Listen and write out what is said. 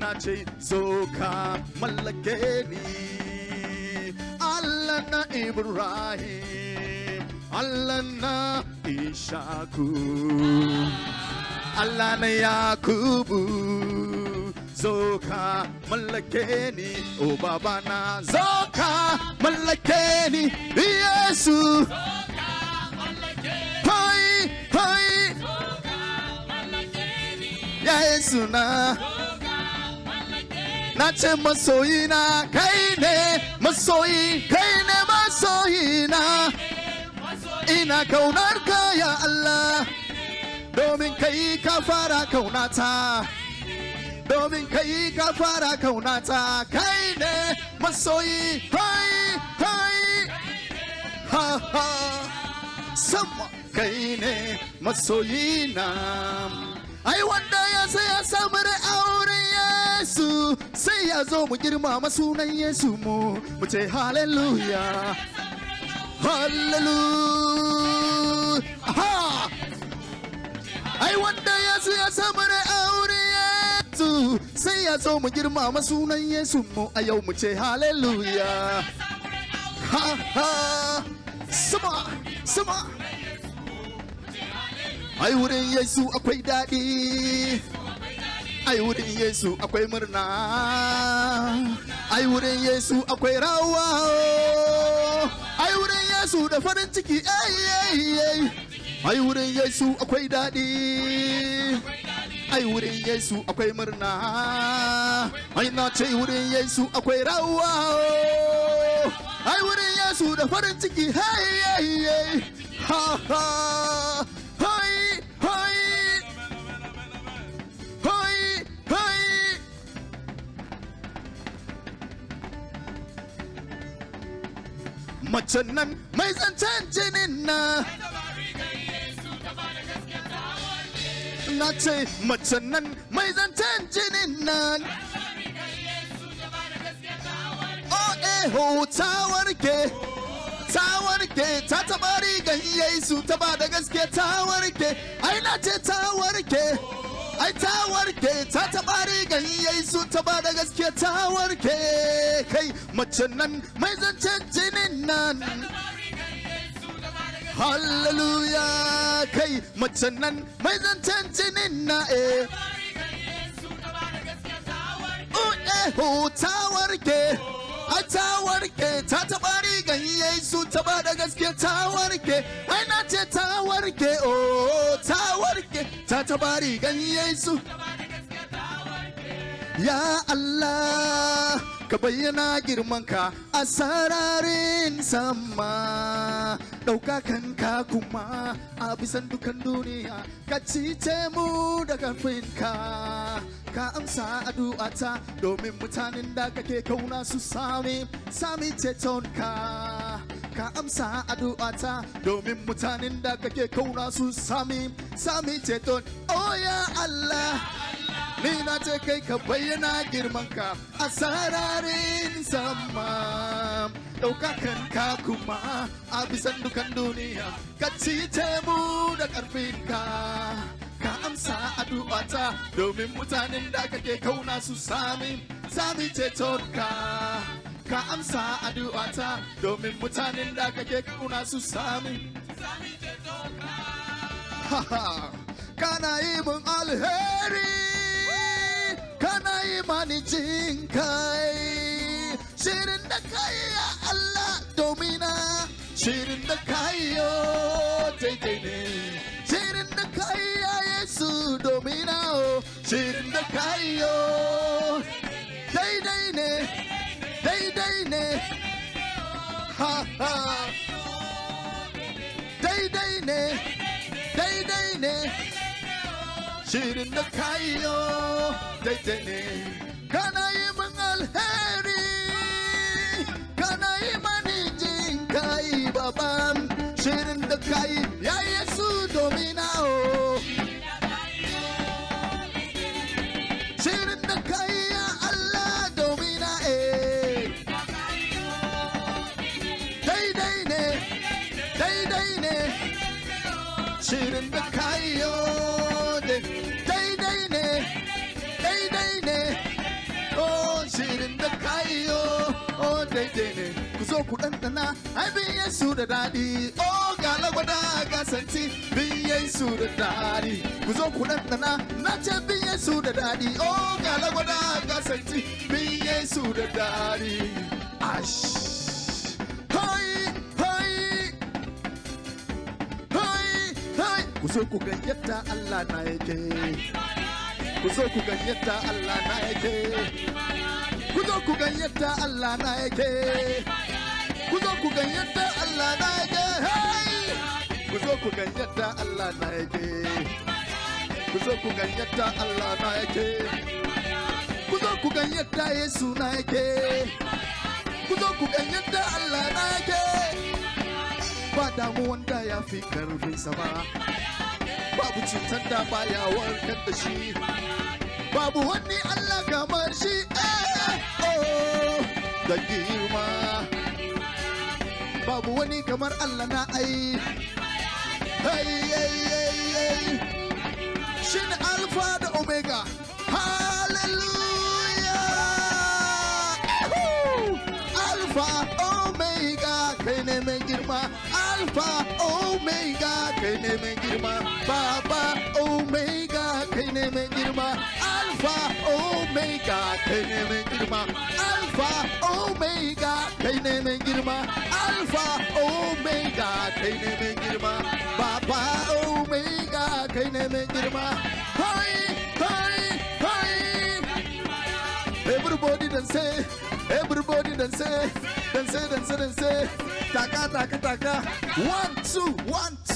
na ce zo ka mallake ni Allah na Ibrahim Allah na Ishaku Allah na Yakubu zo ka mallake ni o baba na zo ka mallake ni Yesu Yesu na na ce masoyi na kai ne masoyi kai ne masoyi na ina kaunar ka ya Allah domin kai ka fara kaunata domin kai ka fara kaunata kai ne masoyi kai kai ha ha kai ne masoyi na ai wanda ya sai ya samu aure Yesu sai ya zo mu girmama sunan Yesu mu mu ce hallelujah hallelujah ai wanda Yesu ya samu aure Yesu sai ya zo mu girmama sunan Yesu mu a yau mu ce hallelujah ha ha sama sama ai wurin Yesu akwai daɗi ai wurin yesu akwai murna ai wurin yesu akwai rawa ai wurin yesu da farin ciki ai wurin yesu akwai daɗi ai wurin yesu akwai murna ai na ce wurin yesu akwai rawa ai wurin yesu da farin ciki ha ha macen nan mai zancen jinin na na ce macen nan mai zancen jinin nan o ta warke ta warke ta taba rigan yesu ta ba da gaske ta warke ai na ce ta warke ai ta warke ta taɓa gani yayi su taɓa da gaske ta warke kai mace nan mai zancen jinin nan Hallelujah kai mace nan mai zancen jinin na eh Uɗe ta warke a ta warke ta taɓa rigan yesu taɓa da gaske ta warke ai na ce ta warke oh ta warke ta tabari ganyen su ya Allah ka bayyana girmanka a sararin sama kanka kuma a bisan dukan duniya ka cice mu da ka amsa addu'ata domin mutanen da kake kauna su sami sami ka. ka amsa addu'ata domin mutanen da kake kauna su sami sami ceton oh ya Allah ni na ce kai ka bayyana girmanka a sararin sama ɗaukakan ka kuma a bisan dukan duniya ka ci mu da ƙarfinka ka amsa addu'ata domin mutanen da kake kauna su sami sami cetonka ka amsa addu'ata domin mutanen da kake kuna su sami kana yi mun alheri kana yi mani jin kai shirin da kai ya Allah domina shirin da kai yo daidai ne shirin da kai ya Yesu domina o oh. shirin da kai yo ha ha daidai ne daidai ne shirin da kayo daidai ne kana yi min alheri kana yi mani jin kai babam shirin da kai ya yesu domina shirin da kayo ne daidai ne daidai ne oh shirin da kayo oh daidai ne ku zo ku ɗanɗana ai biyan su da daɗi oh ga lagwada ga santi biyan su da dadi, kuzo ku ɗanɗana na ce biyan su da daɗi oh ga lagwada ga santi biyan su da dadi, ash ku zo ku ga Allah na yake ku zo ku ga Allah na yake ku zo ku ga Allah na yake ku zo ku ga Allah na yake ku zo ku ga Allah na yake ku zo ku ga Allah na yake ku zo ku ga Yesu na yake ku zo ku ga Allah na yake ba damuwan da ya fi karfinsa ba babu cutar da baya warkar da shi babu wani Allah kamar shi eh, eh, oh, da girma babu wani kamar Allah na ai shi ne alfa da omega hallelujah alfa omega kai ne mai girma Alpha omega kai girma baba omega kai girma alpha omega kai girma alpha omega kai girma alpha omega kai girma baba omega kai ne mai girma hai hai hai everybody then say Everybody then say, then say, then say, then say, taka, taka, taka. One, two, one, two.